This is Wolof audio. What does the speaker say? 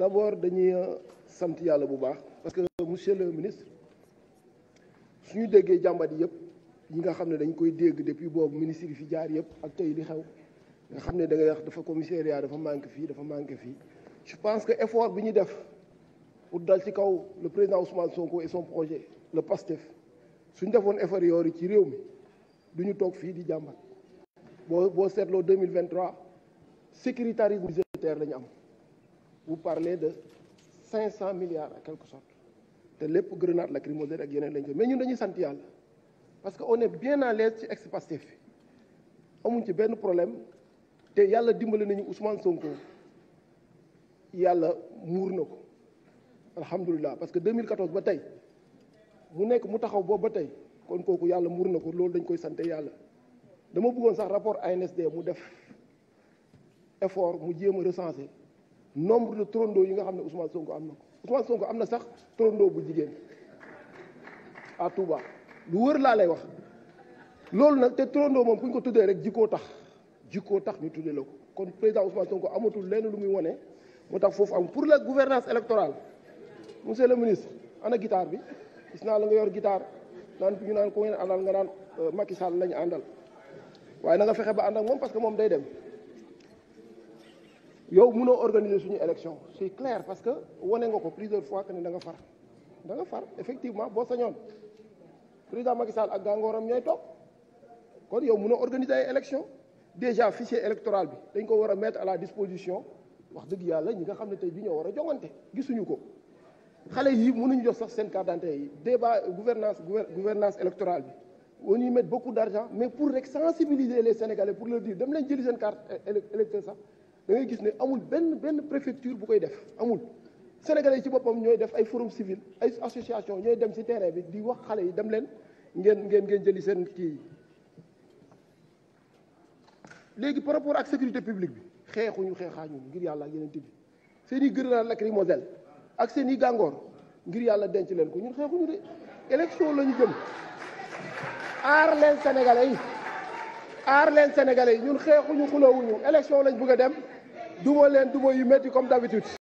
d'abord dañuy euh, sant yàlla bu baax parce que euh, monsieur le ministre suñu déggee jàmbat yi yëpp yi nga xam ne dañ koy dégg depuis boobu ministre yi fi jaar yëpp ak tey li xew nga xam ne da ngay wax dafa commissariat dafa manqué fii dafa manqué fii je pense que effort bi ñu def pour dal ci kaw le président Ousmane Sonko et son projet le PASTEF suñu defoon effort yi ci réew mi du ñu toog fii di jàmbat boo boo seetloo 2023 sécuritarisme budgétaire la ñu am bu parlez de 500 milliards en quelque sorte te lépp grenade lacrymogène ak yeneen lañ ko mais ñun dañuy sant yàlla parce que on est bien à l'aise ci ex-Pastef amuñ ci benn problème te yàlla dimbali nañu Ousmane Sonko yàlla muur na ko alhamdulilah parce que 2014 ba tey mu nekk mu taxaw boobu ba tey kon kooku yàlla muur na ko loolu dañ koy sante yàlla dama buggoon sax rapport ANSD mu def effort mu jéem a recenser nombre de trondoo yi nga xam ne Ousmane Sonko am na ko Ousmane am na sax trondoo bu jigéen à Touba lu wër laa lay wax loolu nag te trondoo moom ku ko tuddee rek jikkoo tax jikkoo tax ñu tuddee la ko kon président Ousmane Sonko amatul lenn lu muy wane moo tax foofu am pour la gouvernance électoral monsieur le ministre ana guitare bi gis naa la nga yor guitare naan ñu naan ko ngeen àndal nga naan euh, Macky Sall àndal waaye na nga fexe ba ànd ak moom parce que moom day dem. yow mënoo organiser suñu élection c'est clair parce que wane nga ko plusieurs fois que ne da nga far da far effectivement boo sañoon président Macky Sall ak gàngooram ñooy toog kon yow mënoo organiser ay élection déjà fichier électoral bi dañ ko war a mettre à la disposition wax dëgg yàlla ñi nga xam ne tey bi ñoo war a jongante gisuñu ko xale yi mënuñu jox sax seen carte d'identité yi débat gouvernance gouvernance électorale bi on y met beaucoup d'argent mais pour rek sensibiliser les Sénégalais pour leur dire dem leen jëli seen carte da ngay gis ne amul benn benn préfecture bu koy def amul sénégalais yi ci boppam ñooy def ay forum civil ay association ñooy dem ci terrain bi di wax xale yi dem leen ngeen ngeen ngeen jëli seen kii léegi par rapport ak sécurité publique bi xeexuñu xeexaa ñun ngir yàlla ak yeneen bi seen i grenade lacrymogène ak seen i gàngoor ngir yàlla denc leen ko ñu ñun xeexuñu de élection la ñu jëm aar leen sénégalais yi aar leen sénégalais yi ñun xeexuñu xuloowuñu élection lañ bëgg a dem duma leen duma yu métti comme d'habitude